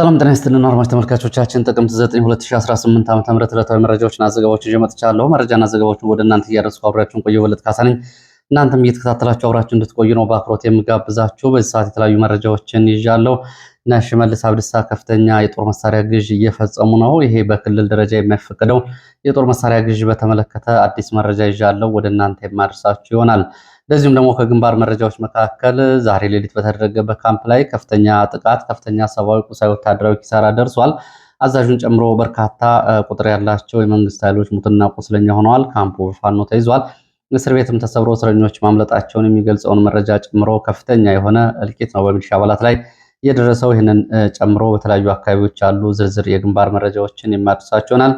ሰላም ጤና ይስጥልን አድማጭ ተመልካቾቻችን ጥቅምት 9 2018 ዓ.ም ዕለታዊ መረጃዎችን አዘገባዎችን ይዤ መጥቻለሁ። መረጃና ዘገባዎችን ወደ እናንተ እያደረስኩ አብሬያችሁን ቆዩ። በለጥ ካሳ ነኝ። እናንተም እየተከታተላችሁ አብራችሁ እንድትቆዩ ነው በአክብሮት የምጋብዛችሁ። በዚህ ሰዓት የተለያዩ መረጃዎችን ይዣለሁ። እነ ሽመልስ አብዲሳ ከፍተኛ የጦር መሳሪያ ግዥ እየፈጸሙ ነው። ይሄ በክልል ደረጃ የሚያፈቅደው የጦር መሳሪያ ግዥ በተመለከተ አዲስ መረጃ ይዣለሁ። ወደ እናንተ የማደርሳችሁ ይሆናል። እንደዚሁም ደግሞ ከግንባር መረጃዎች መካከል ዛሬ ሌሊት በተደረገ ካምፕ ላይ ከፍተኛ ጥቃት፣ ከፍተኛ ሰብአዊ፣ ቁሳዊ፣ ወታደራዊ ኪሳራ ደርሷል። አዛዡን ጨምሮ በርካታ ቁጥር ያላቸው የመንግስት ኃይሎች ሙትና ቁስለኛ ሆነዋል። ካምፑ ፋኖ ተይዟል። እስር ቤትም ተሰብሮ እስረኞች ማምለጣቸውን የሚገልጸውን መረጃ ጨምሮ ከፍተኛ የሆነ እልቂት ነው በሚሊሻ አባላት ላይ የደረሰው። ይህንን ጨምሮ በተለያዩ አካባቢዎች ያሉ ዝርዝር የግንባር መረጃዎችን የማድረሳቸውናል።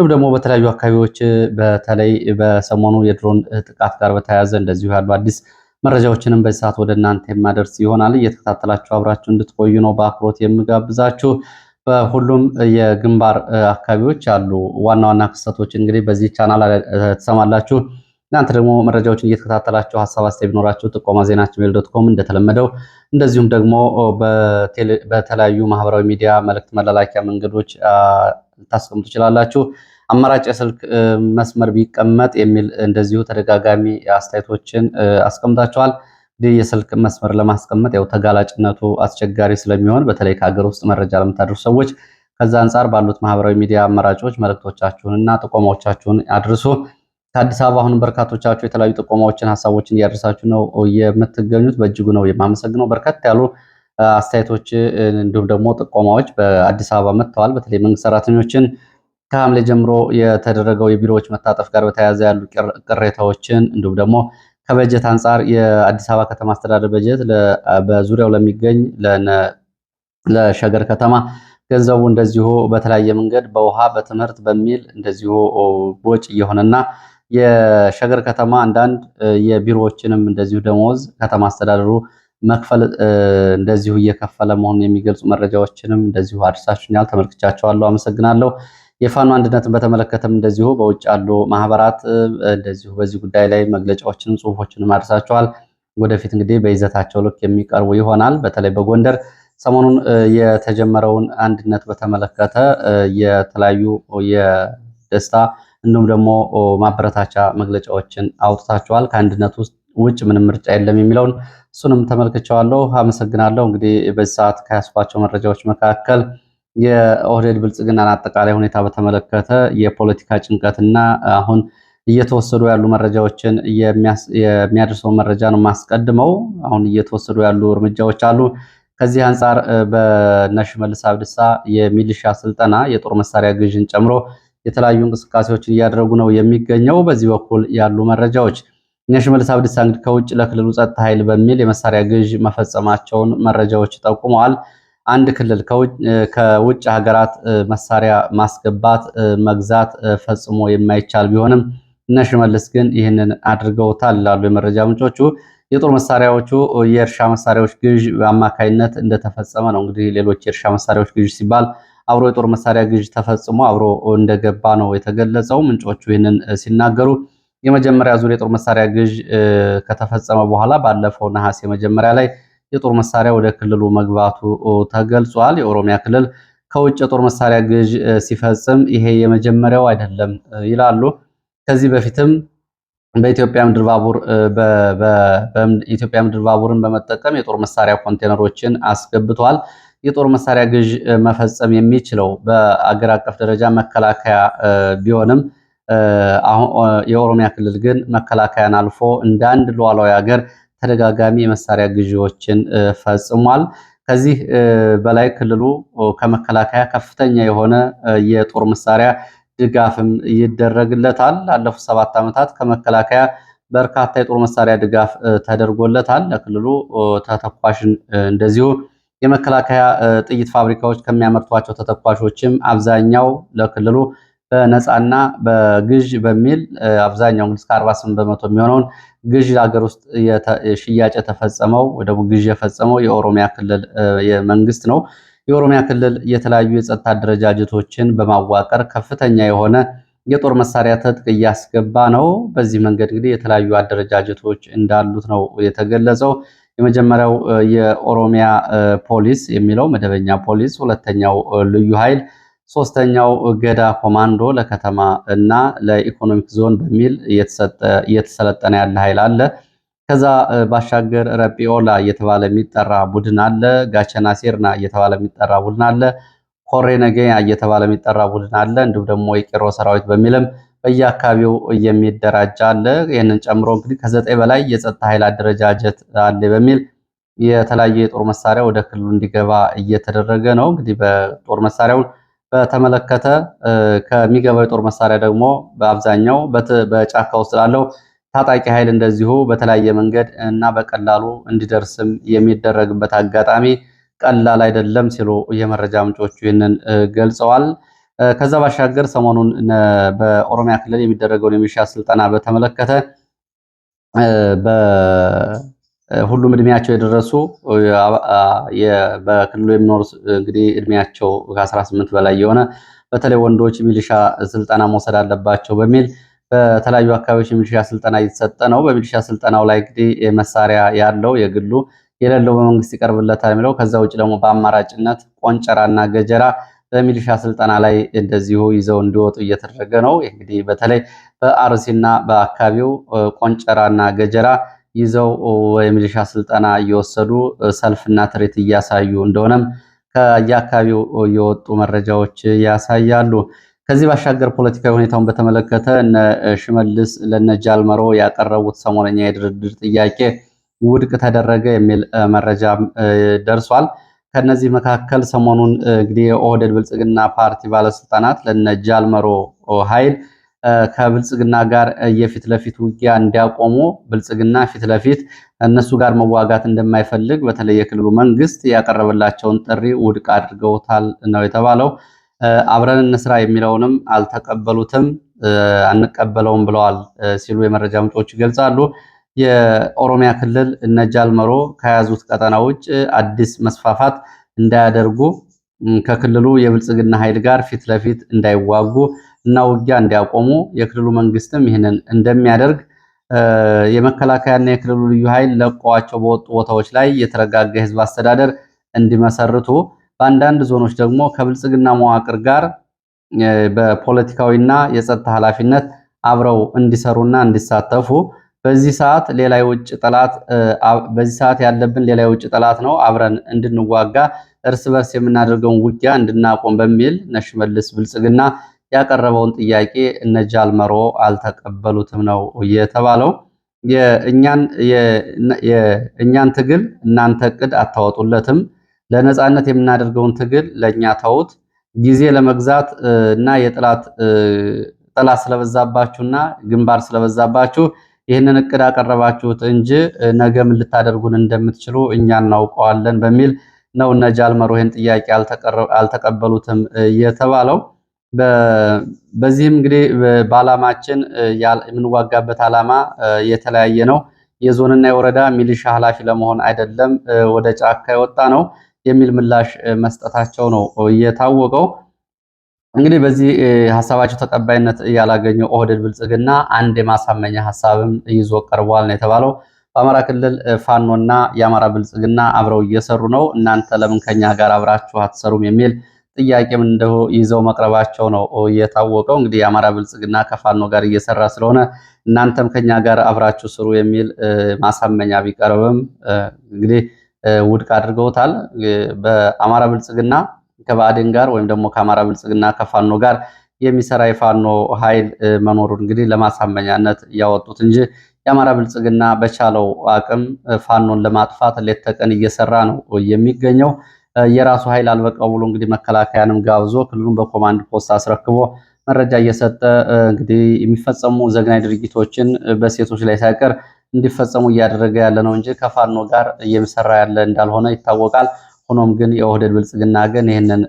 እንዲሁም ደግሞ በተለያዩ አካባቢዎች በተለይ በሰሞኑ የድሮን ጥቃት ጋር በተያያዘ እንደዚሁ ያሉ አዲስ መረጃዎችንም በዚህ ሰዓት ወደ እናንተ የማደርስ ይሆናል። እየተከታተላችሁ አብራችሁ እንድትቆዩ ነው በአክብሮት የምጋብዛችሁ። በሁሉም የግንባር አካባቢዎች ያሉ ዋና ዋና ክስተቶች እንግዲህ በዚህ ቻናል ትሰማላችሁ። እናንተ ደግሞ መረጃዎችን እየተከታተላችሁ ሀሳብ አስተያየት ቢኖራችሁ ጥቆማ ዜናችን ሜል ዶት ኮም እንደተለመደው፣ እንደዚሁም ደግሞ በተለያዩ ማህበራዊ ሚዲያ መልእክት መላላኪያ መንገዶች ልታስቀምጡ ትችላላችሁ። አማራጭ የስልክ መስመር ቢቀመጥ የሚል እንደዚሁ ተደጋጋሚ አስተያየቶችን አስቀምጣችኋል። እንግዲህ የስልክ መስመር ለማስቀመጥ ያው ተጋላጭነቱ አስቸጋሪ ስለሚሆን በተለይ ከሀገር ውስጥ መረጃ ለምታደርሱ ሰዎች ከዛ አንጻር ባሉት ማህበራዊ ሚዲያ አማራጮች መልእክቶቻችሁንና ጥቆማዎቻችሁን አድርሱ። ከአዲስ አበባ አሁንም በርካቶቻችሁ የተለያዩ ጥቆማዎችን፣ ሀሳቦችን እያደረሳችሁ ነው የምትገኙት። በእጅጉ ነው የማመሰግነው። በርካታ ያሉ አስተያየቶች እንዲሁም ደግሞ ጥቆማዎች በአዲስ አበባ መጥተዋል። በተለይ መንግስት ሰራተኞችን ከሐምሌ ጀምሮ የተደረገው የቢሮዎች መታጠፍ ጋር በተያያዘ ያሉ ቅሬታዎችን እንዲሁም ደግሞ ከበጀት አንጻር የአዲስ አበባ ከተማ አስተዳደር በጀት በዙሪያው ለሚገኝ ለሸገር ከተማ ገንዘቡ እንደዚሁ በተለያየ መንገድ በውሃ፣ በትምህርት በሚል እንደዚሁ ወጪ እየሆነና የሸገር ከተማ አንዳንድ የቢሮዎችንም እንደዚሁ ደሞዝ ከተማ አስተዳደሩ መክፈል እንደዚሁ እየከፈለ መሆኑን የሚገልጹ መረጃዎችንም እንደዚሁ አድርሳችሁኛል፣ ተመልክቻቸዋለሁ። አመሰግናለሁ። የፋኖ አንድነትን በተመለከተም እንደዚሁ በውጭ ያሉ ማህበራት እንደዚሁ በዚህ ጉዳይ ላይ መግለጫዎችንም ጽሁፎችንም አድርሳቸዋል። ወደፊት እንግዲህ በይዘታቸው ልክ የሚቀርቡ ይሆናል። በተለይ በጎንደር ሰሞኑን የተጀመረውን አንድነት በተመለከተ የተለያዩ የደስታ እንዲሁም ደግሞ ማበረታቻ መግለጫዎችን አውጥታችኋል። ከአንድነት ውስጥ ውጭ ምንም ምርጫ የለም የሚለውን እሱንም ተመልክቻለሁ። አመሰግናለሁ። እንግዲህ በዚህ ሰዓት ከያስኳቸው መረጃዎች መካከል የኦህዴድ ብልጽግናን አጠቃላይ ሁኔታ በተመለከተ የፖለቲካ ጭንቀትና አሁን እየተወሰዱ ያሉ መረጃዎችን የሚያደርሰው መረጃ ነው ማስቀድመው። አሁን እየተወሰዱ ያሉ እርምጃዎች አሉ። ከዚህ አንጻር በነሽ ሽመልስ አብዲሳ የሚሊሻ ስልጠና የጦር መሳሪያ ግዥን ጨምሮ የተለያዩ እንቅስቃሴዎችን እያደረጉ ነው የሚገኘው። በዚህ በኩል ያሉ መረጃዎች እነ ሽመልስ አብዲሳ እንግዲህ ከውጭ ለክልሉ ጸጥታ ኃይል በሚል የመሳሪያ ግዥ መፈጸማቸውን መረጃዎች ጠቁመዋል። አንድ ክልል ከውጭ ሀገራት መሳሪያ ማስገባት፣ መግዛት ፈጽሞ የማይቻል ቢሆንም እነ ሽመልስ ግን ይህንን አድርገውታል ይላሉ የመረጃ ምንጮቹ። የጦር መሳሪያዎቹ የእርሻ መሳሪያዎች ግዥ አማካይነት እንደተፈጸመ ነው። እንግዲህ ሌሎች የእርሻ መሳሪያዎች ግዥ ሲባል አብሮ የጦር መሳሪያ ግዥ ተፈጽሞ አብሮ እንደገባ ነው የተገለጸው። ምንጮቹ ይህንን ሲናገሩ የመጀመሪያ ዙር የጦር መሳሪያ ግዥ ከተፈጸመ በኋላ ባለፈው ነሐሴ መጀመሪያ ላይ የጦር መሳሪያ ወደ ክልሉ መግባቱ ተገልጿል። የኦሮሚያ ክልል ከውጭ የጦር መሳሪያ ግዥ ሲፈጽም ይሄ የመጀመሪያው አይደለም ይላሉ። ከዚህ በፊትም በኢትዮጵያ ምድር ባቡር በኢትዮጵያ ምድር ባቡርን በመጠቀም የጦር መሳሪያ ኮንቴነሮችን አስገብቷል። የጦር መሳሪያ ግዥ መፈጸም የሚችለው በአገር አቀፍ ደረጃ መከላከያ ቢሆንም የኦሮሚያ ክልል ግን መከላከያን አልፎ እንደ አንድ ሉዓላዊ ሀገር ተደጋጋሚ የመሳሪያ ግዢዎችን ፈጽሟል። ከዚህ በላይ ክልሉ ከመከላከያ ከፍተኛ የሆነ የጦር መሳሪያ ድጋፍም ይደረግለታል። ላለፉት ሰባት ዓመታት ከመከላከያ በርካታ የጦር መሳሪያ ድጋፍ ተደርጎለታል። ለክልሉ ተተኳሽ እንደዚሁ የመከላከያ ጥይት ፋብሪካዎች ከሚያመርቷቸው ተተኳሾችም አብዛኛው ለክልሉ በነፃና በግዥ በሚል አብዛኛው እንግዲህ 48 በመቶ የሚሆነውን ግዥ ሀገር ውስጥ ሽያጭ የተፈጸመው ወይ ደግሞ ግዥ የፈጸመው የኦሮሚያ ክልል መንግስት ነው። የኦሮሚያ ክልል የተለያዩ የጸጥታ አደረጃጀቶችን በማዋቀር ከፍተኛ የሆነ የጦር መሳሪያ ትጥቅ እያስገባ ነው። በዚህ መንገድ እንግዲህ የተለያዩ አደረጃጀቶች እንዳሉት ነው የተገለጸው። የመጀመሪያው የኦሮሚያ ፖሊስ የሚለው መደበኛ ፖሊስ፣ ሁለተኛው ልዩ ኃይል፣ ሶስተኛው ገዳ ኮማንዶ ለከተማ እና ለኢኮኖሚክ ዞን በሚል እየተሰለጠነ ያለ ኃይል አለ። ከዛ ባሻገር ረጲኦላ እየተባለ የሚጠራ ቡድን አለ። ጋቸና ሴርና እየተባለ የሚጠራ ቡድን አለ። ኮሬ ነገያ እየተባለ የሚጠራ ቡድን አለ። እንዲሁም ደግሞ የቄሮ ሰራዊት በሚልም በየአካባቢው የሚደራጅ አለ። ይህንን ጨምሮ እንግዲህ ከዘጠኝ በላይ የጸጥታ ኃይል አደረጃጀት አለ በሚል የተለያየ የጦር መሳሪያ ወደ ክልሉ እንዲገባ እየተደረገ ነው። እንግዲህ በጦር መሳሪያውን በተመለከተ ከሚገባው የጦር መሳሪያ ደግሞ በአብዛኛው በጫካ ውስጥ ላለው ታጣቂ ኃይል እንደዚሁ በተለያየ መንገድ እና በቀላሉ እንዲደርስም የሚደረግበት አጋጣሚ ቀላል አይደለም ሲሉ የመረጃ ምንጮቹ ይህንን ገልጸዋል። ከዛ ባሻገር ሰሞኑን በኦሮሚያ ክልል የሚደረገውን የሚሊሻ ስልጠና በተመለከተ ሁሉም እድሜያቸው የደረሱ በክልሉ የሚኖሩ እንግዲህ እድሜያቸው ከ18 በላይ የሆነ በተለይ ወንዶች ሚሊሻ ስልጠና መውሰድ አለባቸው በሚል በተለያዩ አካባቢዎች የሚሊሻ ስልጠና እየተሰጠ ነው። በሚሊሻ ስልጠናው ላይ እንግዲህ መሳሪያ ያለው የግሉ የሌለው በመንግስት ይቀርብለታል የሚለው ከዛ ውጭ ደግሞ በአማራጭነት ቆንጨራና ገጀራ በሚሊሻ ስልጠና ላይ እንደዚሁ ይዘው እንዲወጡ እየተደረገ ነው። እንግዲህ በተለይ በአርሲና በአካባቢው ቆንጨራና ገጀራ ይዘው የሚሊሻ ስልጠና እየወሰዱ ሰልፍና ትርኢት እያሳዩ እንደሆነም ከየአካባቢው የወጡ መረጃዎች ያሳያሉ። ከዚህ ባሻገር ፖለቲካዊ ሁኔታውን በተመለከተ እነ ሽመልስ ለነ ጃልመሮ ያቀረቡት ሰሞነኛ የድርድር ጥያቄ ውድቅ ተደረገ የሚል መረጃ ደርሷል። ከነዚህ መካከል ሰሞኑን እንግዲህ የኦህደድ ብልጽግና ፓርቲ ባለስልጣናት ለነጃልመሮ ኃይል ከብልጽግና ጋር የፊት ለፊት ውጊያ እንዲያቆሙ ብልጽግና ፊት ለፊት እነሱ ጋር መዋጋት እንደማይፈልግ በተለይ የክልሉ መንግስት ያቀረበላቸውን ጥሪ ውድቅ አድርገውታል ነው የተባለው። አብረን እንስራ የሚለውንም አልተቀበሉትም፣ አንቀበለውም ብለዋል ሲሉ የመረጃ ምንጮች ይገልጻሉ። የኦሮሚያ ክልል እነ ጃልመሮ ከያዙት ቀጠና ውጭ አዲስ መስፋፋት እንዳያደርጉ ከክልሉ የብልጽግና ኃይል ጋር ፊት ለፊት እንዳይዋጉ እና ውጊያ እንዲያቆሙ የክልሉ መንግስትም ይህንን እንደሚያደርግ የመከላከያና የክልሉ ልዩ ኃይል ለቀዋቸው በወጡ ቦታዎች ላይ የተረጋጋ የህዝብ አስተዳደር እንዲመሰርቱ በአንዳንድ ዞኖች ደግሞ ከብልጽግና መዋቅር ጋር በፖለቲካዊና የጸጥታ ኃላፊነት አብረው እንዲሰሩና እንዲሳተፉ በዚህ ሰዓት ሌላ የውጭ ጠላት በዚህ ሰዓት ያለብን ሌላ የውጭ ጠላት ነው፣ አብረን እንድንዋጋ እርስ በርስ የምናደርገውን ውጊያ እንድናቆም በሚል እነ ሽመልስ ብልጽግና ያቀረበውን ጥያቄ እነ መሮ አልተቀበሉትም ነው የተባለው። የእኛን ትግል እናንተ እቅድ አታወጡለትም። ለነፃነት የምናደርገውን ትግል ለእኛ ተውት። ጊዜ ለመግዛት እና የጠላት ስለበዛባችሁና ግንባር ስለበዛባችሁ ይህንን እቅድ አቀረባችሁት እንጂ ነገ ምን ልታደርጉን እንደምትችሉ እኛ እናውቀዋለን በሚል ነው እነ ጃልመሮ ይህን ጥያቄ አልተቀበሉትም የተባለው። በዚህም እንግዲህ በዓላማችን የምንዋጋበት ዓላማ የተለያየ ነው። የዞንና የወረዳ ሚሊሻ ኃላፊ ለመሆን አይደለም ወደ ጫካ የወጣ ነው የሚል ምላሽ መስጠታቸው ነው የታወቀው። እንግዲህ በዚህ ሀሳባቸው ተቀባይነት ያላገኘው ኦህደድ ብልጽግና አንድ የማሳመኛ ሀሳብም ይዞ ቀርቧል ነው የተባለው። በአማራ ክልል ፋኖና የአማራ ብልጽግና አብረው እየሰሩ ነው፣ እናንተ ለምን ከኛ ጋር አብራችሁ አትሰሩም? የሚል ጥያቄም እንደው ይዘው መቅረባቸው ነው እየታወቀው። እንግዲህ የአማራ ብልጽግና ከፋኖ ጋር እየሰራ ስለሆነ እናንተም ከኛ ጋር አብራችሁ ስሩ የሚል ማሳመኛ ቢቀርብም እንግዲህ ውድቅ አድርገውታል። በአማራ ብልጽግና ከባዕድን ጋር ወይም ደግሞ ከአማራ ብልጽግና ከፋኖ ጋር የሚሰራ የፋኖ ኃይል መኖሩን እንግዲህ ለማሳመኛነት እያወጡት እንጂ የአማራ ብልጽግና በቻለው አቅም ፋኖን ለማጥፋት ሌት ተቀን እየሰራ ነው የሚገኘው። የራሱ ኃይል አልበቃው ብሎ እንግዲህ መከላከያንም ጋብዞ ክልሉን በኮማንድ ፖስት አስረክቦ መረጃ እየሰጠ እንግዲህ የሚፈጸሙ ዘግናኝ ድርጊቶችን በሴቶች ላይ ሳይቀር እንዲፈጸሙ እያደረገ ያለ ነው እንጂ ከፋኖ ጋር እየሚሰራ ያለ እንዳልሆነ ይታወቃል። ሆኖም ግን የኦህደድ ብልጽግና ግን ይህንን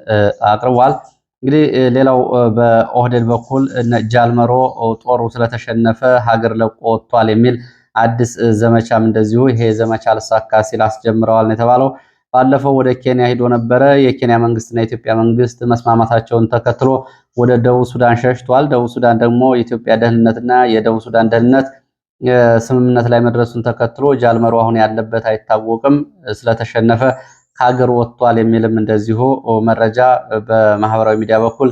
አቅርቧል። እንግዲህ ሌላው በኦህዴድ በኩል ጃልመሮ ጦሩ ስለተሸነፈ ሀገር ለቆ ወጥቷል የሚል አዲስ ዘመቻም እንደዚሁ ይሄ ዘመቻ አልሳካ ሲል አስጀምረዋል ነው የተባለው። ባለፈው ወደ ኬንያ ሂዶ ነበረ። የኬንያ መንግስትና የኢትዮጵያ መንግስት መስማማታቸውን ተከትሎ ወደ ደቡብ ሱዳን ሸሽቷል። ደቡብ ሱዳን ደግሞ የኢትዮጵያ ደህንነትና የደቡብ ሱዳን ደህንነት ስምምነት ላይ መድረሱን ተከትሎ ጃልመሮ አሁን ያለበት አይታወቅም ስለተሸነፈ ከሀገር ወጥቷል የሚልም እንደዚሁ መረጃ በማህበራዊ ሚዲያ በኩል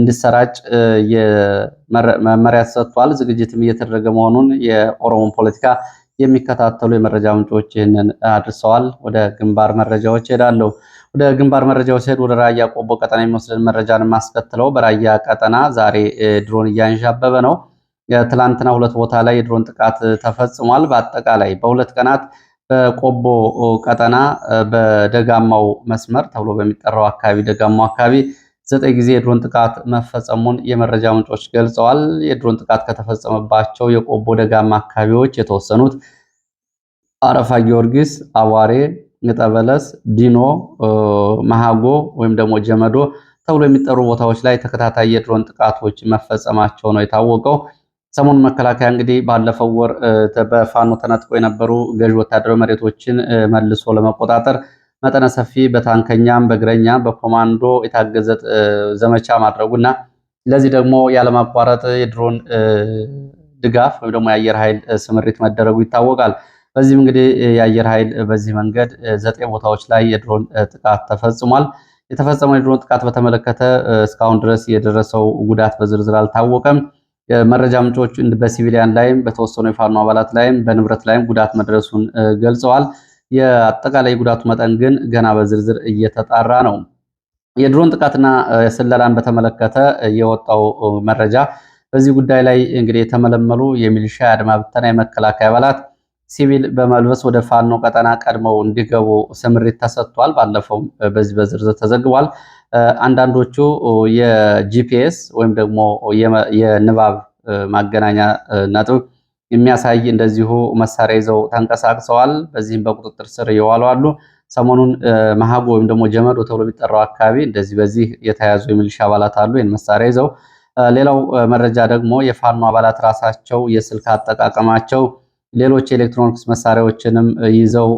እንዲሰራጭ መመሪያ ተሰጥቷል። ዝግጅትም እየተደረገ መሆኑን የኦሮሞን ፖለቲካ የሚከታተሉ የመረጃ ምንጮች ይህንን አድርሰዋል። ወደ ግንባር መረጃዎች ሄዳለሁ። ወደ ግንባር መረጃዎች ሄድ ወደ ራያ ቆቦ ቀጠና የሚወስድን መረጃን የማስከትለው በራያ ቀጠና ዛሬ ድሮን እያንዣበበ ነው። ትላንትና ሁለት ቦታ ላይ የድሮን ጥቃት ተፈጽሟል። በአጠቃላይ በሁለት ቀናት በቆቦ ቀጠና በደጋማው መስመር ተብሎ በሚጠራው አካባቢ ደጋማው አካባቢ ዘጠኝ ጊዜ የድሮን ጥቃት መፈጸሙን የመረጃ ምንጮች ገልጸዋል። የድሮን ጥቃት ከተፈጸመባቸው የቆቦ ደጋማ አካባቢዎች የተወሰኑት አረፋ ጊዮርጊስ፣ አዋሬ፣ ንጠበለስ፣ ዲኖ፣ መሃጎ ወይም ደግሞ ጀመዶ ተብሎ የሚጠሩ ቦታዎች ላይ ተከታታይ የድሮን ጥቃቶች መፈጸማቸው ነው የታወቀው። ሰሞኑን መከላከያ እንግዲህ ባለፈው ወር በፋኖ ተነጥቆ የነበሩ ገዥ ወታደራዊ መሬቶችን መልሶ ለመቆጣጠር መጠነ ሰፊ በታንከኛም በእግረኛም በኮማንዶ የታገዘ ዘመቻ ማድረጉና ለዚህ ደግሞ ያለማቋረጥ የድሮን ድጋፍ ወይም ደግሞ የአየር ኃይል ስምሪት መደረጉ ይታወቃል። በዚህም እንግዲህ የአየር ኃይል በዚህ መንገድ ዘጠኝ ቦታዎች ላይ የድሮን ጥቃት ተፈጽሟል። የተፈጸመው የድሮን ጥቃት በተመለከተ እስካሁን ድረስ የደረሰው ጉዳት በዝርዝር አልታወቀም። የመረጃ ምንጮች በሲቪሊያን ላይም በተወሰኑ የፋኖ አባላት ላይም በንብረት ላይም ጉዳት መድረሱን ገልጸዋል። የአጠቃላይ ጉዳቱ መጠን ግን ገና በዝርዝር እየተጣራ ነው። የድሮን ጥቃትና ስለላን በተመለከተ የወጣው መረጃ በዚህ ጉዳይ ላይ እንግዲህ የተመለመሉ የሚሊሻ አድማ ብተና የመከላከያ አባላት ሲቪል በመልበስ ወደ ፋኖ ቀጠና ቀድመው እንዲገቡ ስምሪት ተሰጥቷል። ባለፈው በዚህ በዝርዝር ተዘግቧል። አንዳንዶቹ የጂፒኤስ ወይም ደግሞ የንባብ ማገናኛ ነጥብ የሚያሳይ እንደዚሁ መሳሪያ ይዘው ተንቀሳቅሰዋል። በዚህም በቁጥጥር ስር የዋሉ አሉ። ሰሞኑን መሀጎ ወይም ደግሞ ጀመዶ ተብሎ የሚጠራው አካባቢ እንደዚህ በዚህ የተያዙ የሚሊሻ አባላት አሉ፣ ይህን መሳሪያ ይዘው። ሌላው መረጃ ደግሞ የፋኖ አባላት ራሳቸው የስልክ አጠቃቀማቸው፣ ሌሎች የኤሌክትሮኒክስ መሳሪያዎችንም ይዘው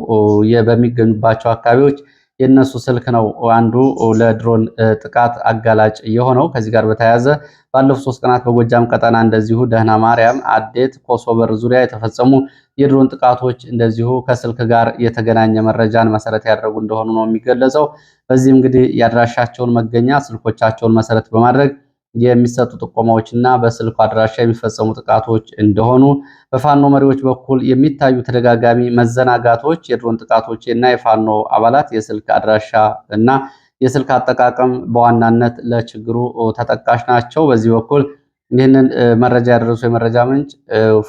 በሚገኙባቸው አካባቢዎች የእነሱ ስልክ ነው አንዱ ለድሮን ጥቃት አጋላጭ የሆነው። ከዚህ ጋር በተያያዘ ባለፉት ሶስት ቀናት በጎጃም ቀጠና እንደዚሁ ደህና ማርያም፣ አዴት፣ ኮሶበር ዙሪያ የተፈጸሙ የድሮን ጥቃቶች እንደዚሁ ከስልክ ጋር የተገናኘ መረጃን መሰረት ያደረጉ እንደሆኑ ነው የሚገለጸው። በዚህም እንግዲህ የአድራሻቸውን መገኛ ስልኮቻቸውን መሰረት በማድረግ የሚሰጡ ጥቆማዎች እና በስልኩ አድራሻ የሚፈጸሙ ጥቃቶች እንደሆኑ በፋኖ መሪዎች በኩል የሚታዩ ተደጋጋሚ መዘናጋቶች የድሮን ጥቃቶች እና የፋኖ አባላት የስልክ አድራሻ እና የስልክ አጠቃቀም በዋናነት ለችግሩ ተጠቃሽ ናቸው። በዚህ በኩል ይህንን መረጃ ያደረሱ የመረጃ ምንጭ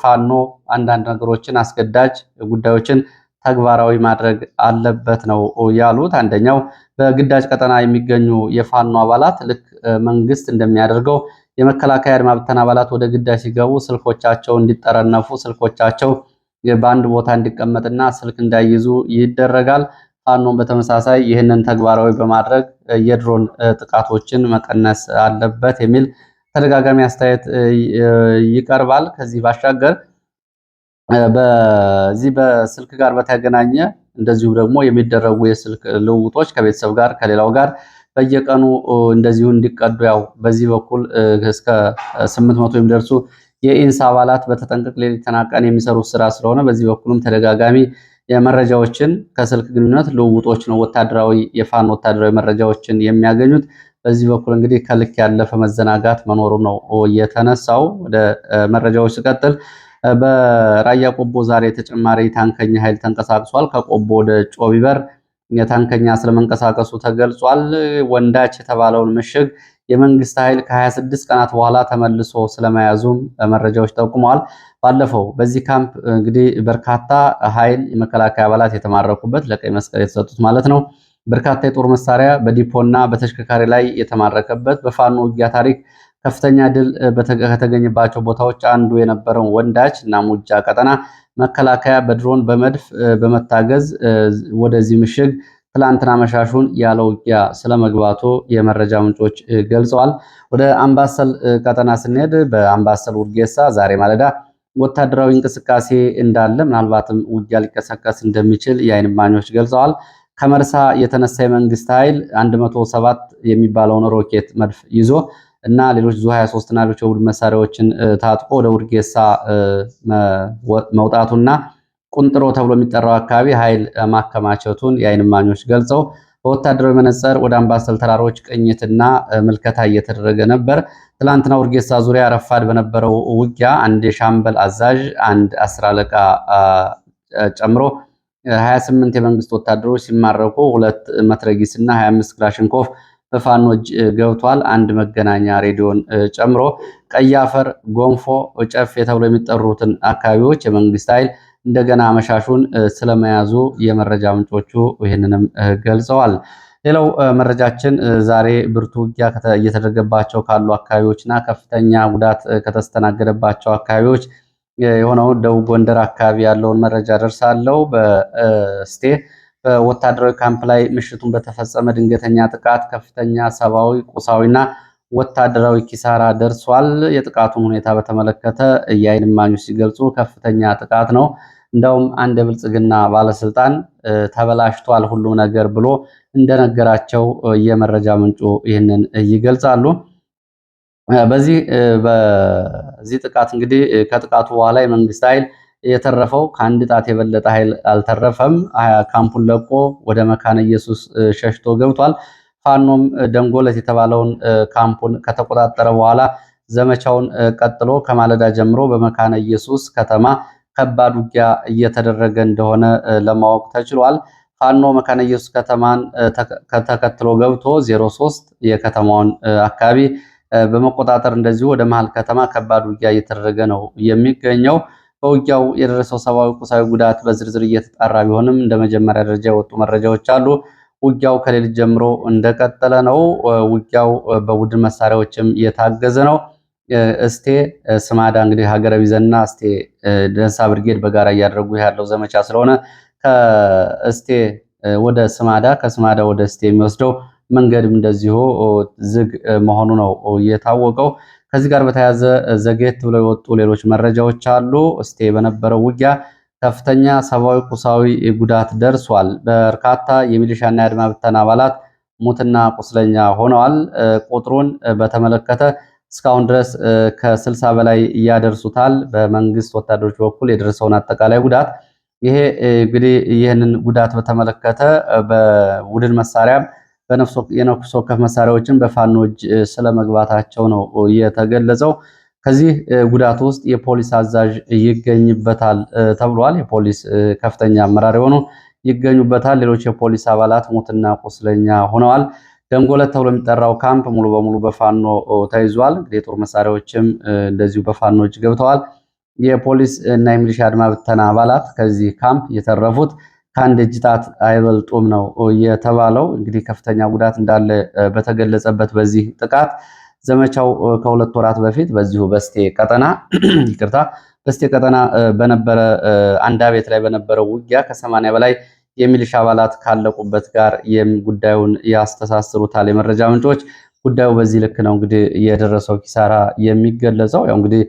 ፋኖ አንዳንድ ነገሮችን አስገዳጅ ጉዳዮችን ተግባራዊ ማድረግ አለበት ነው ያሉት። አንደኛው በግዳጅ ቀጠና የሚገኙ የፋኖ አባላት ልክ መንግስት እንደሚያደርገው የመከላከያ አድማ ብተና አባላት ወደ ግዳጅ ሲገቡ ስልኮቻቸው እንዲጠረነፉ፣ ስልኮቻቸው በአንድ ቦታ እንዲቀመጥና ስልክ እንዳይይዙ ይደረጋል። ፋኖ በተመሳሳይ ይህንን ተግባራዊ በማድረግ የድሮን ጥቃቶችን መቀነስ አለበት የሚል ተደጋጋሚ አስተያየት ይቀርባል። ከዚህ ባሻገር በዚህ በስልክ ጋር በተገናኘ እንደዚሁ ደግሞ የሚደረጉ የስልክ ልውውጦች ከቤተሰብ ጋር ከሌላው ጋር በየቀኑ እንደዚሁ እንዲቀዱ ያው በዚህ በኩል እስከ ስምንት መቶ የሚደርሱ የኢንስ አባላት በተጠንቀቅ ሌሊትና ቀን የሚሰሩት ስራ ስለሆነ በዚህ በኩልም ተደጋጋሚ የመረጃዎችን ከስልክ ግንኙነት ልውውጦች ነው ወታደራዊ የፋኖ ወታደራዊ መረጃዎችን የሚያገኙት። በዚህ በኩል እንግዲህ ከልክ ያለፈ መዘናጋት መኖሩም ነው የተነሳው። ወደ መረጃዎች ሲቀጥል በራያ ቆቦ ዛሬ ተጨማሪ ታንከኛ ኃይል ተንቀሳቅሷል። ከቆቦ ወደ ጮቢበር የታንከኛ ስለመንቀሳቀሱ ተገልጿል። ወንዳች የተባለውን ምሽግ የመንግስት ኃይል ከ26 ቀናት በኋላ ተመልሶ ስለመያዙም መረጃዎች ጠቁመዋል። ባለፈው በዚህ ካምፕ እንግዲህ በርካታ ኃይል የመከላከያ አባላት የተማረኩበት ለቀይ መስቀል የተሰጡት ማለት ነው። በርካታ የጦር መሳሪያ በዲፖና በተሽከርካሪ ላይ የተማረከበት በፋኖ ውጊያ ታሪክ ከፍተኛ ድል ከተገኘባቸው ቦታዎች አንዱ የነበረውን ወንዳች እና ሙጃ ቀጠና መከላከያ በድሮን በመድፍ በመታገዝ ወደዚህ ምሽግ ትላንትና መሻሹን ያለ ውጊያ ስለመግባቱ የመረጃ ምንጮች ገልጸዋል። ወደ አምባሰል ቀጠና ስንሄድ በአምባሰል ውርጌሳ ዛሬ ማለዳ ወታደራዊ እንቅስቃሴ እንዳለ ምናልባትም ውጊያ ሊቀሰቀስ እንደሚችል የአይን እማኞች ገልጸዋል። ከመርሳ የተነሳ የመንግስት ኃይል 107 የሚባለውን ሮኬት መድፍ ይዞ እና ሌሎች ዙ 23 እና ሌሎች የቡድን መሳሪያዎችን ታጥቆ ወደ ውርጌሳ መውጣቱና ቁንጥሮ ተብሎ የሚጠራው አካባቢ ኃይል ማከማቸቱን የአይን እማኞች ገልጸው በወታደራዊ መነጽር ወደ አምባሰል ተራሮች ቅኝትና ምልከታ እየተደረገ ነበር። ትላንትና ውርጌሳ ዙሪያ ረፋድ በነበረው ውጊያ አንድ የሻምበል አዛዥ፣ አንድ አስር አለቃ ጨምሮ 28 የመንግስት ወታደሮች ሲማረኩ ሁለት መትረጊስና 25 ክላሽንኮቭ በፋኖ እጅ ገብቷል። አንድ መገናኛ ሬዲዮን ጨምሮ ቀያፈር፣ ጎንፎ፣ ጨፌ ተብሎ የሚጠሩትን አካባቢዎች የመንግስት ኃይል እንደገና መሻሹን ስለመያዙ የመረጃ ምንጮቹ ይህንንም ገልጸዋል። ሌላው መረጃችን ዛሬ ብርቱ ውጊያ እየተደረገባቸው ካሉ አካባቢዎችና ከፍተኛ ጉዳት ከተስተናገደባቸው አካባቢዎች የሆነው ደቡብ ጎንደር አካባቢ ያለውን መረጃ ደርሳለሁ። በስቴ በወታደራዊ ካምፕ ላይ ምሽቱን በተፈጸመ ድንገተኛ ጥቃት ከፍተኛ ሰብአዊ፣ ቁሳዊና ወታደራዊ ኪሳራ ደርሷል። የጥቃቱን ሁኔታ በተመለከተ የዓይን እማኞች ሲገልጹ ከፍተኛ ጥቃት ነው። እንደውም አንድ የብልጽግና ባለስልጣን ተበላሽቷል ሁሉም ነገር ብሎ እንደነገራቸው የመረጃ ምንጩ ይህንን ይገልጻሉ። በዚህ ጥቃት እንግዲህ ከጥቃቱ በኋላ የመንግስት ኃይል የተረፈው ከአንድ ጣት የበለጠ ኃይል አልተረፈም። ካምፑን ለቆ ወደ መካነ ኢየሱስ ሸሽቶ ገብቷል። ፋኖም ደንጎለት የተባለውን ካምፑን ከተቆጣጠረ በኋላ ዘመቻውን ቀጥሎ ከማለዳ ጀምሮ በመካነ ኢየሱስ ከተማ ከባድ ውጊያ እየተደረገ እንደሆነ ለማወቅ ተችሏል። ፋኖ መካነ ኢየሱስ ከተማን ተከትሎ ገብቶ 03 የከተማውን አካባቢ በመቆጣጠር እንደዚሁ ወደ መሀል ከተማ ከባድ ውጊያ እየተደረገ ነው የሚገኘው። በውጊያው የደረሰው ሰብአዊ፣ ቁሳዊ ጉዳት በዝርዝር እየተጣራ ቢሆንም እንደ መጀመሪያ ደረጃ የወጡ መረጃዎች አሉ። ውጊያው ከሌሊት ጀምሮ እንደቀጠለ ነው። ውጊያው በቡድን መሳሪያዎችም እየታገዘ ነው። እስቴ ስማዳ እንግዲህ ሀገረ ቢዘንና እስቴ ደንሳ ብርጌድ በጋራ እያደረጉ ያለው ዘመቻ ስለሆነ ከእስቴ ወደ ስማዳ ከስማዳ ወደ እስቴ የሚወስደው መንገድም እንደዚሁ ዝግ መሆኑ ነው የታወቀው። ከዚህ ጋር በተያያዘ ዘግየት ብለው የወጡ ሌሎች መረጃዎች አሉ። እስቴ በነበረው ውጊያ ከፍተኛ ሰብአዊ፣ ቁሳዊ ጉዳት ደርሷል። በርካታ የሚሊሻና የአድማ ብተና አባላት ሙትና ቁስለኛ ሆነዋል። ቁጥሩን በተመለከተ እስካሁን ድረስ ከስልሳ በላይ እያደርሱታል። በመንግስት ወታደሮች በኩል የደረሰውን አጠቃላይ ጉዳት ይሄ እንግዲህ ይህንን ጉዳት በተመለከተ በቡድን መሳሪያም የነፍስ ወከፍ መሳሪያዎችን በፋኖ እጅ ስለመግባታቸው ነው የተገለጸው። ከዚህ ጉዳት ውስጥ የፖሊስ አዛዥ ይገኝበታል ተብሏል። የፖሊስ ከፍተኛ አመራር የሆኑ ይገኙበታል። ሌሎች የፖሊስ አባላት ሞትና ቁስለኛ ሆነዋል። ደንጎለት ተብሎ የሚጠራው ካምፕ ሙሉ በሙሉ በፋኖ ተይዟል። እንግዲህ የጦር መሳሪያዎችም እንደዚሁ በፋኖ እጅ ገብተዋል። የፖሊስ እና የሚሊሻ አድማ ብተና አባላት ከዚህ ካምፕ የተረፉት ከአንድ እጅ ጣት አይበልጡም ነው የተባለው። እንግዲህ ከፍተኛ ጉዳት እንዳለ በተገለጸበት በዚህ ጥቃት ዘመቻው ከሁለት ወራት በፊት በዚሁ በስቴ ቀጠና ይቅርታ፣ በስቴ ቀጠና በነበረ አንዳ ቤት ላይ በነበረው ውጊያ ከሰማንያ በላይ የሚሊሻ አባላት ካለቁበት ጋር ጉዳዩን ያስተሳስሩታል የመረጃ ምንጮች። ጉዳዩ በዚህ ልክ ነው እንግዲህ የደረሰው ኪሳራ የሚገለጸው ያው እንግዲህ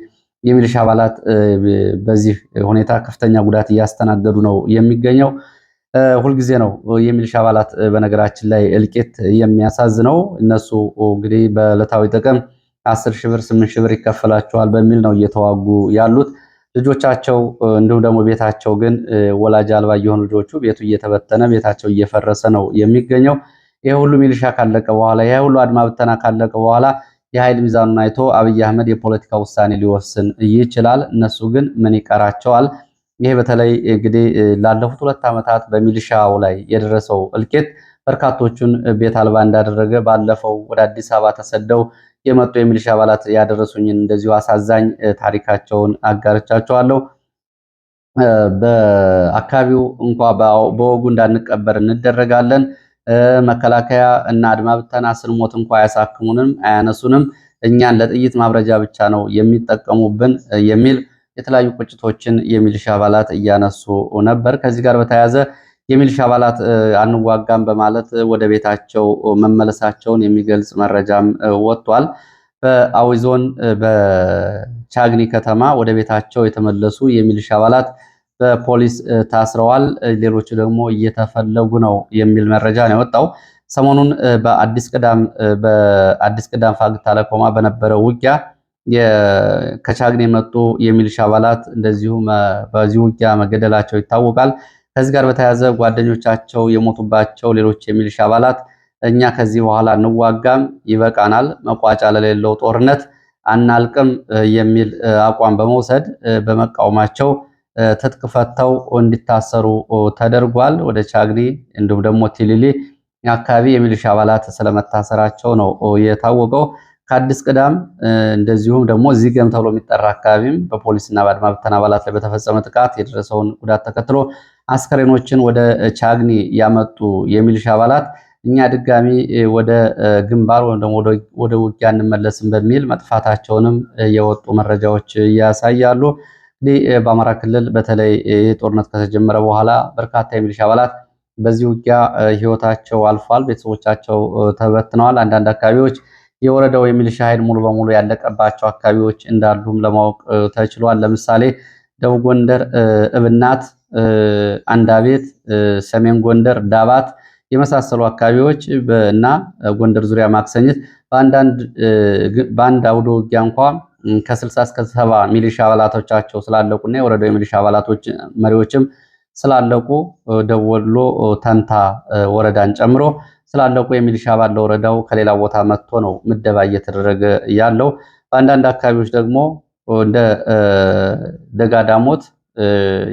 የሚሊሻ አባላት በዚህ ሁኔታ ከፍተኛ ጉዳት እያስተናገዱ ነው የሚገኘው። ሁልጊዜ ነው የሚሊሻ አባላት በነገራችን ላይ እልቂት የሚያሳዝነው። እነሱ እንግዲህ በዕለታዊ ጥቅም አስር ሺህ ብር ስምንት ሺህ ብር ይከፈላቸዋል በሚል ነው እየተዋጉ ያሉት። ልጆቻቸው እንዲሁም ደግሞ ቤታቸው ግን ወላጅ አልባ የሆኑ ልጆቹ ቤቱ እየተበተነ ቤታቸው እየፈረሰ ነው የሚገኘው። ይሄ ሁሉ ሚሊሻ ካለቀ በኋላ ይሄ ሁሉ አድማ ብተና ካለቀ በኋላ የኃይል ሚዛኑን አይቶ አብይ አህመድ የፖለቲካ ውሳኔ ሊወስን ይችላል። እነሱ ግን ምን ይቀራቸዋል? ይሄ በተለይ እንግዲህ ላለፉት ሁለት ዓመታት በሚሊሻው ላይ የደረሰው እልቂት በርካቶቹን ቤት አልባ እንዳደረገ ባለፈው ወደ አዲስ አበባ ተሰደው የመጡ የሚሊሻ አባላት ያደረሱኝን እንደዚሁ አሳዛኝ ታሪካቸውን አጋርቻቸዋለሁ። በአካባቢው እንኳ በወጉ እንዳንቀበር እንደረጋለን። መከላከያ እና አድማ ብተና ሞት እንኳ አያሳክሙንም፣ አያነሱንም፣ እኛን ለጥይት ማብረጃ ብቻ ነው የሚጠቀሙብን የሚል የተለያዩ ቁጭቶችን የሚሊሻ አባላት እያነሱ ነበር። ከዚህ ጋር በተያያዘ የሚሊሻ አባላት አንዋጋም በማለት ወደ ቤታቸው መመለሳቸውን የሚገልጽ መረጃም ወጥቷል። በአዊ ዞን በቻግኒ ከተማ ወደ ቤታቸው የተመለሱ የሚሊሻ አባላት በፖሊስ ታስረዋል፣ ሌሎቹ ደግሞ እየተፈለጉ ነው የሚል መረጃ ነው የወጣው። ሰሞኑን በአዲስ ቅዳም በአዲስ ቅዳም ፋግታ ለኮማ በነበረው ውጊያ ከቻግኒ የመጡ የሚሊሻ አባላት እንደዚሁ በዚህ ውጊያ መገደላቸው ይታወቃል። ከዚህ ጋር በተያያዘ ጓደኞቻቸው የሞቱባቸው ሌሎች የሚሊሻ አባላት እኛ ከዚህ በኋላ እንዋጋም፣ ይበቃናል፣ መቋጫ ለሌለው ጦርነት አናልቅም የሚል አቋም በመውሰድ በመቃወማቸው ትጥቅ ፈተው እንዲታሰሩ ተደርጓል። ወደ ቻግኒ እንዲሁም ደግሞ ቲሊሊ አካባቢ የሚሊሻ አባላት ስለመታሰራቸው ነው የታወቀው። ከአዲስ ቅዳም እንደዚሁም ደግሞ ዚገም ተብሎ የሚጠራ አካባቢም በፖሊስና በአድማ ብተና አባላት ላይ በተፈጸመ ጥቃት የደረሰውን ጉዳት ተከትሎ አስከሬኖችን ወደ ቻግኒ ያመጡ የሚሊሻ አባላት እኛ ድጋሚ ወደ ግንባር ወይም ደግሞ ወደ ውጊያ እንመለስም በሚል መጥፋታቸውንም የወጡ መረጃዎች ያሳያሉ። እንግዲህ በአማራ ክልል በተለይ ጦርነት ከተጀመረ በኋላ በርካታ የሚሊሻ አባላት በዚህ ውጊያ ህይወታቸው አልፏል። ቤተሰቦቻቸው ተበትነዋል። አንዳንድ አካባቢዎች የወረዳው የሚሊሻ ኃይል ሙሉ በሙሉ ያለቀባቸው አካባቢዎች እንዳሉም ለማወቅ ተችሏል። ለምሳሌ ደቡብ ጎንደር እብናት፣ አንዳቤት፣ ሰሜን ጎንደር ዳባት የመሳሰሉ አካባቢዎች እና ጎንደር ዙሪያ ማክሰኝት በአንድ አውደ ውጊያ እንኳ ከስልሳ እስከ ሰባ ሚሊሻ አባላቶቻቸው ስላለቁና የወረዳው የሚሊሻ አባላቶች መሪዎችም ስላለቁ ደቡብ ወሎ ተንታ ወረዳን ጨምሮ ስላለቁ የሚሊሻ አባል ወረዳው ከሌላ ቦታ መጥቶ ነው ምደባ እየተደረገ ያለው። በአንዳንድ አካባቢዎች ደግሞ እንደ ደጋዳሞት፣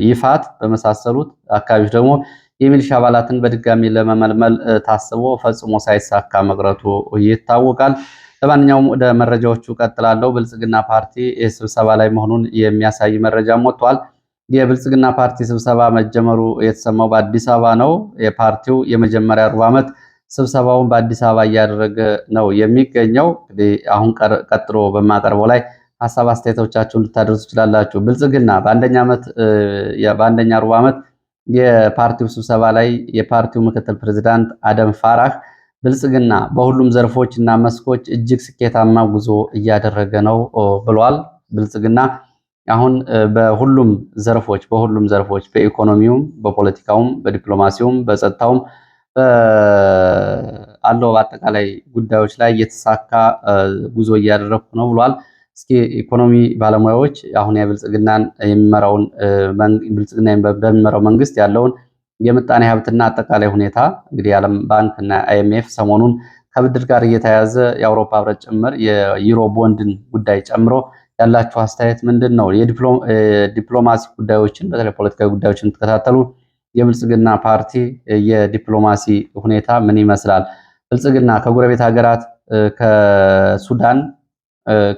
ይፋት በመሳሰሉት አካባቢዎች ደግሞ የሚሊሻ አባላትን በድጋሚ ለመመልመል ታስቦ ፈጽሞ ሳይሳካ መቅረቱ ይታወቃል። ለማንኛውም ወደ መረጃዎቹ ቀጥላለሁ። ብልጽግና ፓርቲ ስብሰባ ላይ መሆኑን የሚያሳይ መረጃም ወጥቷል። የብልጽግና ፓርቲ ስብሰባ መጀመሩ የተሰማው በአዲስ አበባ ነው። የፓርቲው የመጀመሪያ ሩብ ዓመት ስብሰባውን በአዲስ አበባ እያደረገ ነው የሚገኘው። እንግዲህ አሁን ቀጥሎ በማቀርበው ላይ ሀሳብ አስተያየቶቻችሁን ልታደርሱ ትችላላችሁ። ብልጽግና በአንደኛ ሩብ ዓመት የፓርቲው ስብሰባ ላይ የፓርቲው ምክትል ፕሬዚዳንት አደም ፋራህ ብልጽግና በሁሉም ዘርፎችና መስኮች እጅግ ስኬታማ ጉዞ እያደረገ ነው ብሏል። ብልጽግና አሁን በሁሉም ዘርፎች በሁሉም ዘርፎች በኢኮኖሚውም፣ በፖለቲካውም፣ በዲፕሎማሲውም፣ በጸጥታውም አለው በአጠቃላይ ጉዳዮች ላይ እየተሳካ ጉዞ እያደረግኩ ነው ብሏል። እስኪ ኢኮኖሚ ባለሙያዎች አሁን የብልጽግናን የሚመራውን ብልጽግና በሚመራው መንግስት ያለውን የምጣኔ ሀብትና አጠቃላይ ሁኔታ እንግዲህ የዓለም ባንክ እና አይኤምኤፍ ሰሞኑን ከብድር ጋር እየተያያዘ የአውሮፓ ህብረት ጭምር የዩሮ ቦንድን ጉዳይ ጨምሮ ያላችሁ አስተያየት ምንድን ነው? የዲፕሎማሲ ጉዳዮችን በተለይ ፖለቲካዊ ጉዳዮችን የምትከታተሉ የብልጽግና ፓርቲ የዲፕሎማሲ ሁኔታ ምን ይመስላል? ብልጽግና ከጎረቤት ሀገራት ከሱዳን፣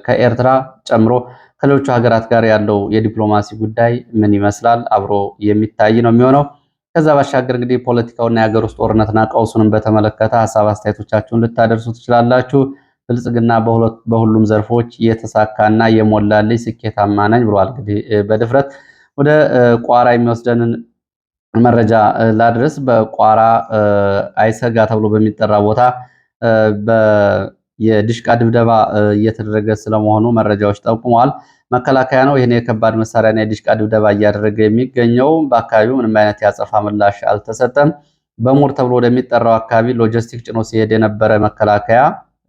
ከኤርትራ ጨምሮ ከሌሎቹ ሀገራት ጋር ያለው የዲፕሎማሲ ጉዳይ ምን ይመስላል? አብሮ የሚታይ ነው የሚሆነው። ከዛ ባሻገር እንግዲህ ፖለቲካውና የሀገር ውስጥ ጦርነትና ቀውሱንም በተመለከተ ሀሳብ አስተያየቶቻችሁን ልታደርሱ ትችላላችሁ። ብልጽግና በሁሉም ዘርፎች የተሳካና የሞላልኝ ስኬታማ ነኝ ብሏል። እንግዲህ በድፍረት ወደ ቋራ የሚወስደንን መረጃ ላድረስ። በቋራ አይሰጋ ተብሎ በሚጠራ ቦታ የድሽቃ ድብደባ እየተደረገ ስለመሆኑ መረጃዎች ጠቁመዋል። መከላከያ ነው ይህን የከባድ መሳሪያና የዲሽቃ ድብደባ እያደረገ የሚገኘው። በአካባቢው ምንም አይነት የአጸፋ ምላሽ አልተሰጠም። በሙር ተብሎ ወደሚጠራው አካባቢ ሎጂስቲክ ጭኖ ሲሄድ የነበረ መከላከያ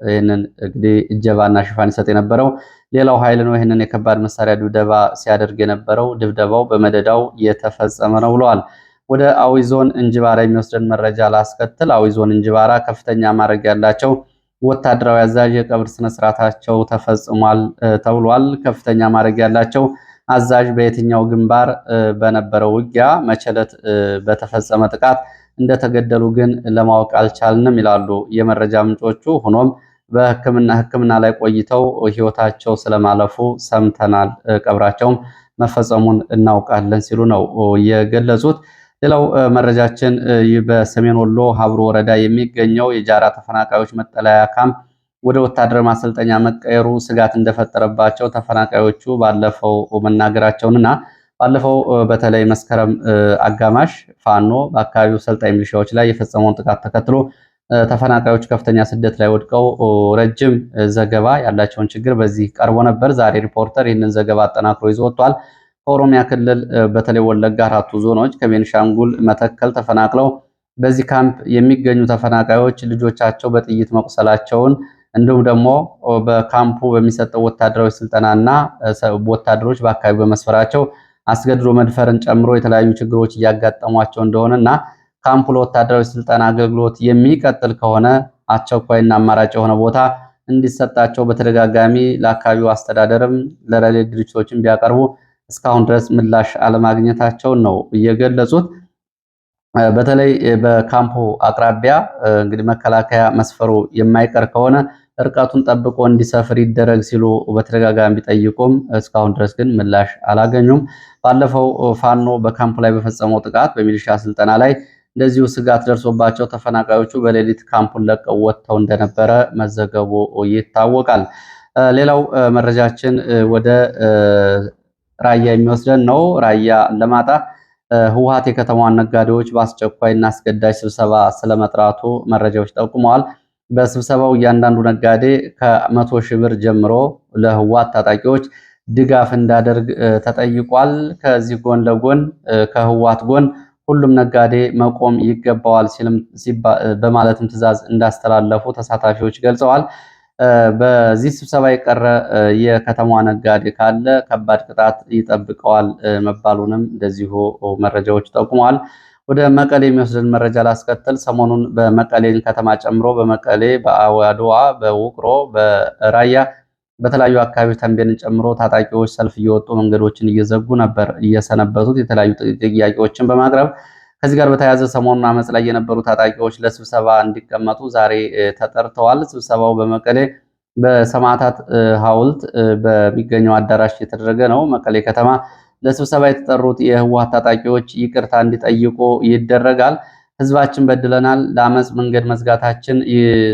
ይህንን እንግዲህ እጀባና ሽፋን ይሰጥ የነበረው ሌላው ኃይል ነው። ይህንን የከባድ መሳሪያ ድብደባ ሲያደርግ የነበረው ድብደባው በመደዳው የተፈጸመ ነው ብለዋል። ወደ አዊ ዞን እንጅባራ የሚወስደን መረጃ ላስከትል። አዊ ዞን እንጅባራ ከፍተኛ ማድረግ ያላቸው ወታደራዊ አዛዥ የቀብር ስነስርዓታቸው ተፈጽሟል ተብሏል። ከፍተኛ ማድረግ ያላቸው አዛዥ በየትኛው ግንባር በነበረው ውጊያ መቸለት በተፈጸመ ጥቃት እንደተገደሉ ግን ለማወቅ አልቻልንም ይላሉ የመረጃ ምንጮቹ። ሆኖም በሕክምና ሕክምና ላይ ቆይተው ህይወታቸው ስለማለፉ ሰምተናል፣ ቀብራቸውም መፈጸሙን እናውቃለን ሲሉ ነው የገለጹት። ሌላው መረጃችን በሰሜን ወሎ ሀብሮ ወረዳ የሚገኘው የጃራ ተፈናቃዮች መጠለያ ካምፕ ወደ ወታደር ማሰልጠኛ መቀየሩ ስጋት እንደፈጠረባቸው ተፈናቃዮቹ ባለፈው መናገራቸውንና ባለፈው በተለይ መስከረም አጋማሽ ፋኖ በአካባቢው ሰልጣኝ ሚሊሻዎች ላይ የፈጸመውን ጥቃት ተከትሎ ተፈናቃዮች ከፍተኛ ስደት ላይ ወድቀው ረጅም ዘገባ ያላቸውን ችግር በዚህ ቀርቦ ነበር። ዛሬ ሪፖርተር ይህንን ዘገባ አጠናክሮ ይዞ ወጥቷል። ከኦሮሚያ ክልል በተለይ ወለጋ አራቱ ዞኖች ከቤንሻንጉል መተከል ተፈናቅለው በዚህ ካምፕ የሚገኙ ተፈናቃዮች ልጆቻቸው በጥይት መቁሰላቸውን እንዲሁም ደግሞ በካምፑ በሚሰጠው ወታደራዊ ስልጠናና ወታደሮች በአካባቢ በመስፈራቸው አስገድዶ መድፈርን ጨምሮ የተለያዩ ችግሮች እያጋጠሟቸው እንደሆነ እና ካምፑ ለወታደራዊ ስልጠና አገልግሎት የሚቀጥል ከሆነ አስቸኳይና አማራጭ የሆነ ቦታ እንዲሰጣቸው በተደጋጋሚ ለአካባቢው አስተዳደርም ለረሌ ድርጅቶችም ቢያቀርቡ እስካሁን ድረስ ምላሽ አለማግኘታቸውን ነው የገለጹት። በተለይ በካምፑ አቅራቢያ እንግዲህ መከላከያ መስፈሩ የማይቀር ከሆነ እርቀቱን ጠብቆ እንዲሰፍር ይደረግ ሲሉ በተደጋጋሚ ቢጠይቁም እስካሁን ድረስ ግን ምላሽ አላገኙም። ባለፈው ፋኖ በካምፕ ላይ በፈጸመው ጥቃት በሚሊሻ ስልጠና ላይ እንደዚሁ ስጋት ደርሶባቸው ተፈናቃዮቹ በሌሊት ካምፑን ለቀው ወጥተው እንደነበረ መዘገቡ ይታወቃል። ሌላው መረጃችን ወደ ራያ የሚወስደን ነው። ራያ ለማጣ ህወሓት የከተማዋን ነጋዴዎች እና አስገዳጅ ስብሰባ ስለመጥራቱ መረጃዎች ጠቁመዋል። በስብሰባው እያንዳንዱ ነጋዴ ከመቶ ሺህ ብር ጀምሮ ለህወሓት ታጣቂዎች ድጋፍ እንዳደርግ ተጠይቋል። ከዚህ ጎን ለጎን ከህወሓት ጎን ሁሉም ነጋዴ መቆም ይገባዋል በማለትም ትዕዛዝ እንዳስተላለፉ ተሳታፊዎች ገልጸዋል። በዚህ ስብሰባ የቀረ የከተማዋ ነጋዴ ካለ ከባድ ቅጣት ይጠብቀዋል መባሉንም እንደዚሁ መረጃዎች ጠቁመዋል። ወደ መቀሌ የሚወስድን መረጃ ላስከትል። ሰሞኑን በመቀሌን ከተማ ጨምሮ በመቀሌ፣ በአድዋ፣ በውቅሮ፣ በራያ በተለያዩ አካባቢዎች ተንቤንን ጨምሮ ታጣቂዎች ሰልፍ እየወጡ መንገዶችን እየዘጉ ነበር እየሰነበቱት የተለያዩ ጥያቄዎችን በማቅረብ ከዚህ ጋር በተያያዘ ሰሞኑን አመፅ ላይ የነበሩ ታጣቂዎች ለስብሰባ እንዲቀመጡ ዛሬ ተጠርተዋል። ስብሰባው በመቀሌ በሰማዕታት ሐውልት በሚገኘው አዳራሽ የተደረገ ነው። መቀሌ ከተማ ለስብሰባ የተጠሩት የህወሓት ታጣቂዎች ይቅርታ እንዲጠይቁ ይደረጋል። ህዝባችን በድለናል፣ ለአመፅ መንገድ መዝጋታችን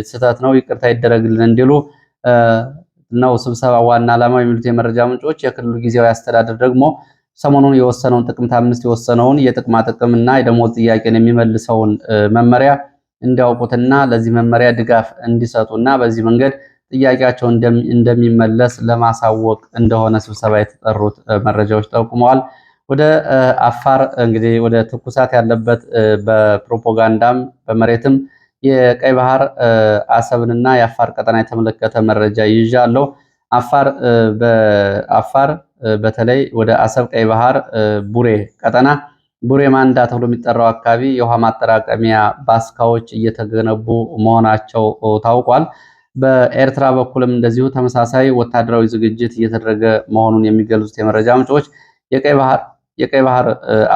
ስህተት ነው፣ ይቅርታ ይደረግልን እንዲሉ ነው ስብሰባ ዋና ዓላማው የሚሉት የመረጃ ምንጮች። የክልሉ ጊዜያዊ አስተዳደር ደግሞ ሰሞኑን የወሰነውን ጥቅምት አምስት የወሰነውን የጥቅማ ጥቅምና የደሞዝ ጥያቄን የሚመልሰውን መመሪያ እንዲያውቁትና ለዚህ መመሪያ ድጋፍ እንዲሰጡና በዚህ መንገድ ጥያቄያቸው እንደሚመለስ ለማሳወቅ እንደሆነ ስብሰባ የተጠሩት መረጃዎች ጠቁመዋል። ወደ አፋር እንግዲህ ወደ ትኩሳት ያለበት በፕሮፓጋንዳም በመሬትም የቀይ ባህር አሰብንና የአፋር ቀጠና የተመለከተ መረጃ ይዣለሁ። አፋር በአፋር በተለይ ወደ አሰብ ቀይ ባህር ቡሬ ቀጠና ቡሬ ማንዳ ተብሎ የሚጠራው አካባቢ የውሃ ማጠራቀሚያ ባስካዎች እየተገነቡ መሆናቸው ታውቋል። በኤርትራ በኩልም እንደዚሁ ተመሳሳይ ወታደራዊ ዝግጅት እየተደረገ መሆኑን የሚገልጹት የመረጃ ምንጮች የቀይ ባህር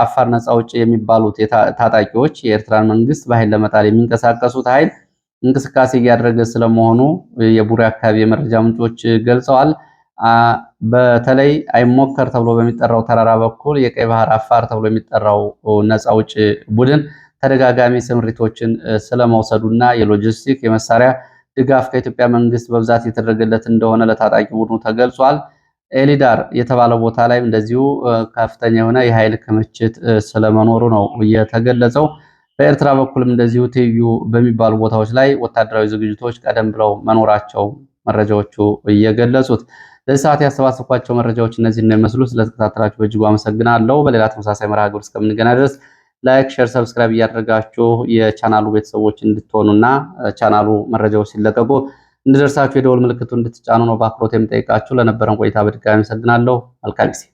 አፋር ነፃ ውጭ የሚባሉት ታጣቂዎች የኤርትራን መንግስት በኃይል ለመጣል የሚንቀሳቀሱት ኃይል እንቅስቃሴ እያደረገ ስለመሆኑ የቡሬ አካባቢ የመረጃ ምንጮች ገልጸዋል። በተለይ አይሞከር ተብሎ በሚጠራው ተራራ በኩል የቀይ ባህር አፋር ተብሎ የሚጠራው ነፃ ውጭ ቡድን ተደጋጋሚ ስምሪቶችን ስለመውሰዱና የሎጂስቲክ የመሳሪያ ድጋፍ ከኢትዮጵያ መንግስት በብዛት የተደረገለት እንደሆነ ለታጣቂ ቡድኑ ተገልጿል። ኤሊዳር የተባለ ቦታ ላይም እንደዚሁ ከፍተኛ የሆነ የኃይል ክምችት ስለመኖሩ ነው የተገለጸው። በኤርትራ በኩልም እንደዚሁ ትይዩ በሚባሉ ቦታዎች ላይ ወታደራዊ ዝግጅቶች ቀደም ብለው መኖራቸው መረጃዎቹ እየገለጹት ለዚህ ሰዓት ያሰባሰብኳቸው መረጃዎች እነዚህ እንደሚመስሉ። ስለተከታተላችሁ በእጅጉ አመሰግናለሁ። በሌላ ተመሳሳይ መርሃ ግብር እስከምንገና ድረስ ላይክ፣ ሼር፣ ሰብስክራይብ እያደረጋችሁ የቻናሉ ቤተሰቦች እንድትሆኑና ቻናሉ መረጃዎች ሲለቀቁ እንድደርሳችሁ የደወል ምልክቱ እንድትጫኑ ነው በአክብሮት የምጠይቃችሁ። ለነበረን ቆይታ በድጋሚ አመሰግናለሁ። መልካም ጊዜ